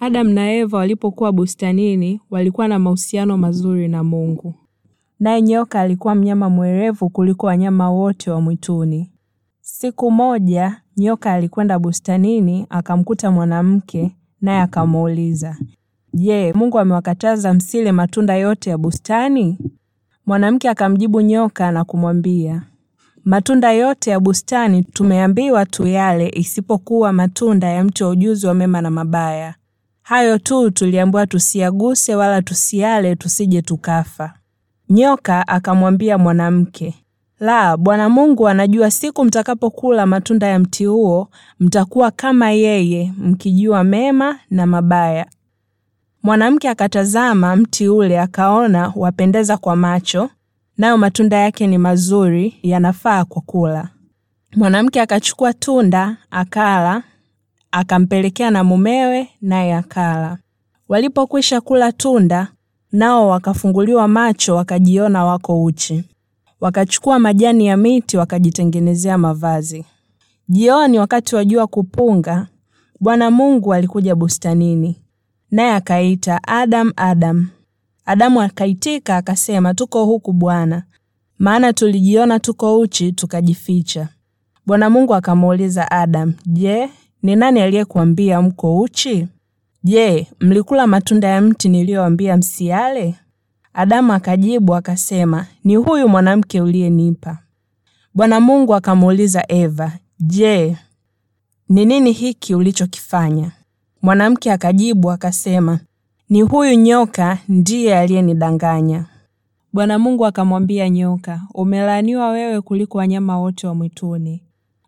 Adam na Eva walipokuwa bustanini walikuwa na mahusiano mazuri na Mungu. Naye nyoka alikuwa mnyama mwerevu kuliko wanyama wote wa mwituni. Siku moja nyoka alikwenda bustanini akamkuta mwanamke, naye akamuuliza, Je, Mungu amewakataza msile matunda yote ya bustani? Mwanamke akamjibu nyoka na kumwambia, matunda yote ya bustani tumeambiwa tuyale, isipokuwa matunda ya mti wa ujuzi wa mema na mabaya, Hayo tu tuliambiwa tusiaguse wala tusiale, tusije tukafa. Nyoka akamwambia mwanamke, la, Bwana Mungu anajua siku mtakapokula matunda ya mti huo mtakuwa kama yeye, mkijua mema na mabaya. Mwanamke akatazama mti ule, akaona wapendeza kwa macho, nayo matunda yake ni mazuri, yanafaa kwa kula. Mwanamke akachukua tunda akala, akampelekea na mumewe, naye akala. Walipokwisha kula tunda, nao wakafunguliwa macho, wakajiona wako uchi. Wakachukua majani ya miti wakajitengenezea mavazi. Jioni wakati wa jua kupunga, Bwana Mungu alikuja bustanini, naye akaita Adam, Adam. Adamu akaitika akasema, tuko huku Bwana, maana tulijiona tuko uchi tukajificha. Bwana Mungu akamuuliza Adam, je, ni nani aliyekuambia mko uchi? Je, mlikula matunda ya mti niliyoambia msiale? Adamu akajibu akasema, ni huyu mwanamke uliyenipa. Bwana Mungu akamuuliza Eva, je, ni nini hiki ulichokifanya? Mwanamke akajibu akasema, ni huyu nyoka ndiye aliyenidanganya. Bwana Mungu akamwambia nyoka, umelaaniwa wewe kuliko wanyama wote wa mwituni,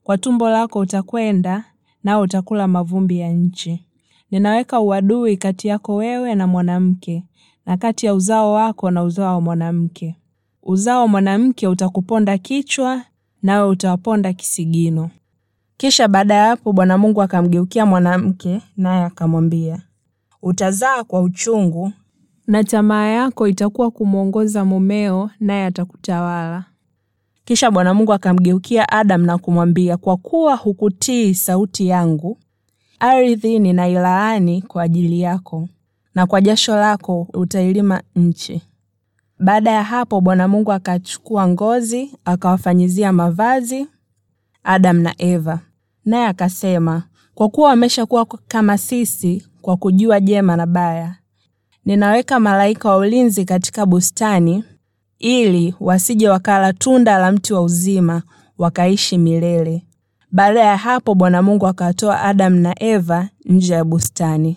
kwa tumbo lako utakwenda nao utakula mavumbi ya nchi. Ninaweka uadui kati yako wewe na mwanamke, na kati ya uzao wako na uzao wa mwanamke. Uzao wa mwanamke utakuponda kichwa, nawe utawaponda kisigino. Kisha baada ya hapo Bwana Mungu akamgeukia mwanamke, naye akamwambia, utazaa kwa uchungu, na tamaa yako itakuwa kumwongoza mumeo, naye atakutawala. Kisha Bwana Mungu akamgeukia Adamu na kumwambia, kwa kuwa hukutii sauti yangu, ardhi ninailaani kwa ajili yako, na kwa jasho lako utailima nchi. Baada ya hapo, Bwana Mungu akachukua ngozi akawafanyizia mavazi Adamu na Eva, naye akasema, kwa kuwa wameshakuwa kama sisi kwa kujua jema na baya, ninaweka malaika wa ulinzi katika bustani ili wasije wakala tunda la mti wa uzima wakaishi milele. Baada ya hapo Bwana Mungu akatoa Adamu na Eva nje ya bustani.